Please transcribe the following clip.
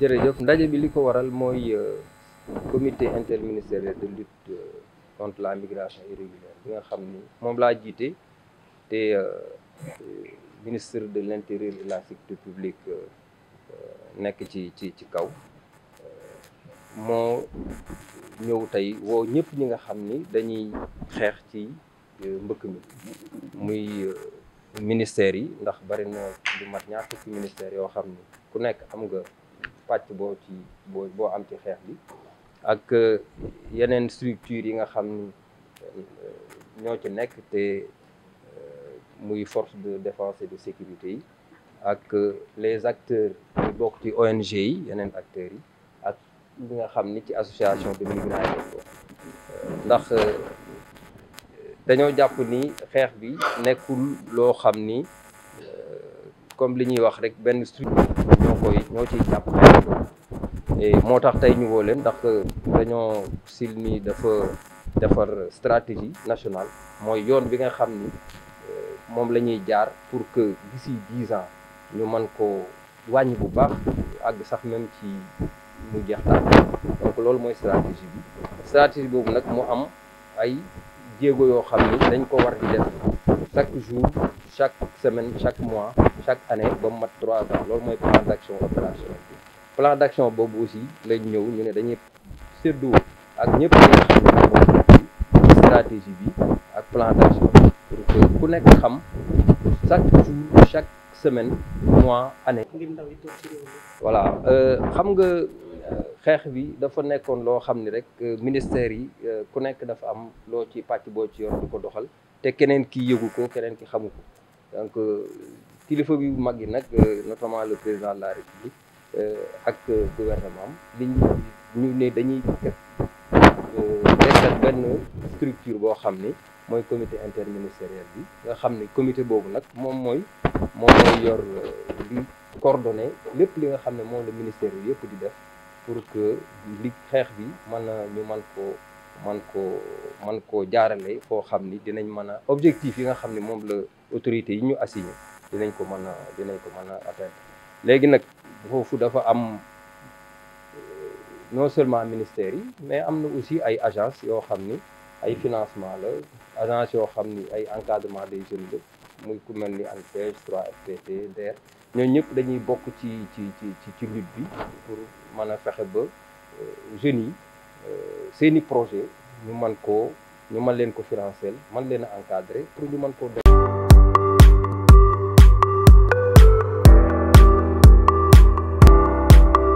jërëjëf ndaje bi li ko waral mooy euh, comité interministériel de lutte euh, contre la migration irrégulière bi nga xam ni moom laa jiite te euh, ministre de l' la sécurité publique nekk ci ci ci kaw moo ñëw tey woo ñëpp ñi nga xam ni dañuy xeex ci mbëkk mi muy ministères yi ndax bari na lu mat ñaar fukki ministères yoo xam ni ku nekk am nga pàcc bo ci bo boo am ci xeex bi ak euh, yenen structure yi nga xamni ni euh, ñoo ci nek té euh, muy force de défense et de sécurité yi ak les acteurs ñu bokk ci ONG yi yenen acteurs yi ak li nga xamni ci association de migrants ndax dañoo japp ni xeex bi nekul lo xamni comme li ñuy wax rek ben structure ko it ñoo ciy jàpp et moo tax tey ñu woo leen ndax dañoo silmi dafa defar stratégie nationale mooy yoon bi nga xam ni euh, moom la ñuy jaar pour que d'ici dix ans ñu man ko wàññi bu baax ak sax même ci mu jeex taal donc loolu mooy stratégie bi stratégie boobu nag mu am ay jéego yoo xam ni dañ ko war di def chaque jour chaque semaine chaque mois chaque année ba mu mat trois ans loolu mooy plan d' action bi plan d' action boobu aussi lañ ñëw ñu ne dañuy séddoo ak ñëpp bi ak plan nekk xam chaque jour chaque semaine mois année. voilà euh, xam nga euh, xeex bi dafa nekkoon loo xam ni rek euh, ministère yi ku nekk dafa am loo ci pàcc boo ci yor di ko doxal te keneen ki yëgu ko keneen ki xamu ko donc kilifa bi bu nak notamment le président de la république euh, ak gouvernement am li ñu ne dañuy def euh, desal benn structure bo xam moy comité interministériel bi nga xam comité bobu nak mom moy mom moy yor euh, di coordonner lepp li nga xam ne moom ministère yi di def pour que li xeex bi man ñu mën ko man ko man ko jaarale fo xamni dinañ mëna objectif yi nga xamni mom le autorité yi ñu assigné dinañ ko mën a dinañ ko mën a atteindre léegi nag foofu dafa am euh, non seulement ministères yi mais am na aussi ay agence yoo xam ni ay financement la agence yoo xam ni ay encadrement des jeunes la muy ku mel ni ANPEJ 3FPT DER ñooñu ñëpp dañuy bokk ci ci ci ci lutte bi pour mën a fexe ba euh, jeunes yi euh, seeni projet ñu man koo ñu mën leen ko financer man leen a pour ñu mën koo